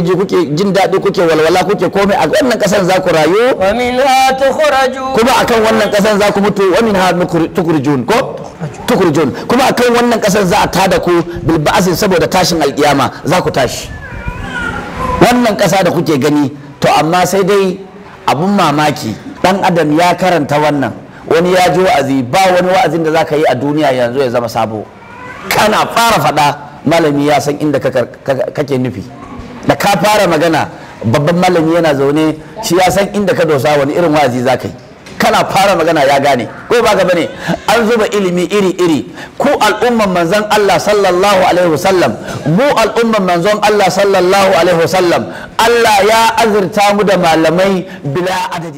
kuke ji kuke jin daɗi kuke walwala kuke komai a wannan kasan za ku rayu kuma akan wannan kasan za ku mutu wani ha tukurjun ko tukurjun kuma akan wannan kasan za a tada ku bil ba'asin saboda tashin alƙiyama za ku tashi wannan kasa da kuke gani to amma sai dai abun mamaki dan adam ya karanta wannan wani ya ji wa'azi ba wani wa'azin da za ka yi a duniya yanzu ya zama sabo kana fara faɗa malami ya san inda kake nufi da ka fara magana babban malami yana zaune shi ya san inda ka dosa wani irin wa'azi za ka yi kana fara magana ya gane ko ba gaba ne an zuba ilimi iri-iri ku al'umman manzon Allah sallallahu alaihi wasallam mu al'umman manzon Allah sallallahu alaihi wasallam Allah ya azurta mu da malamai bila adadi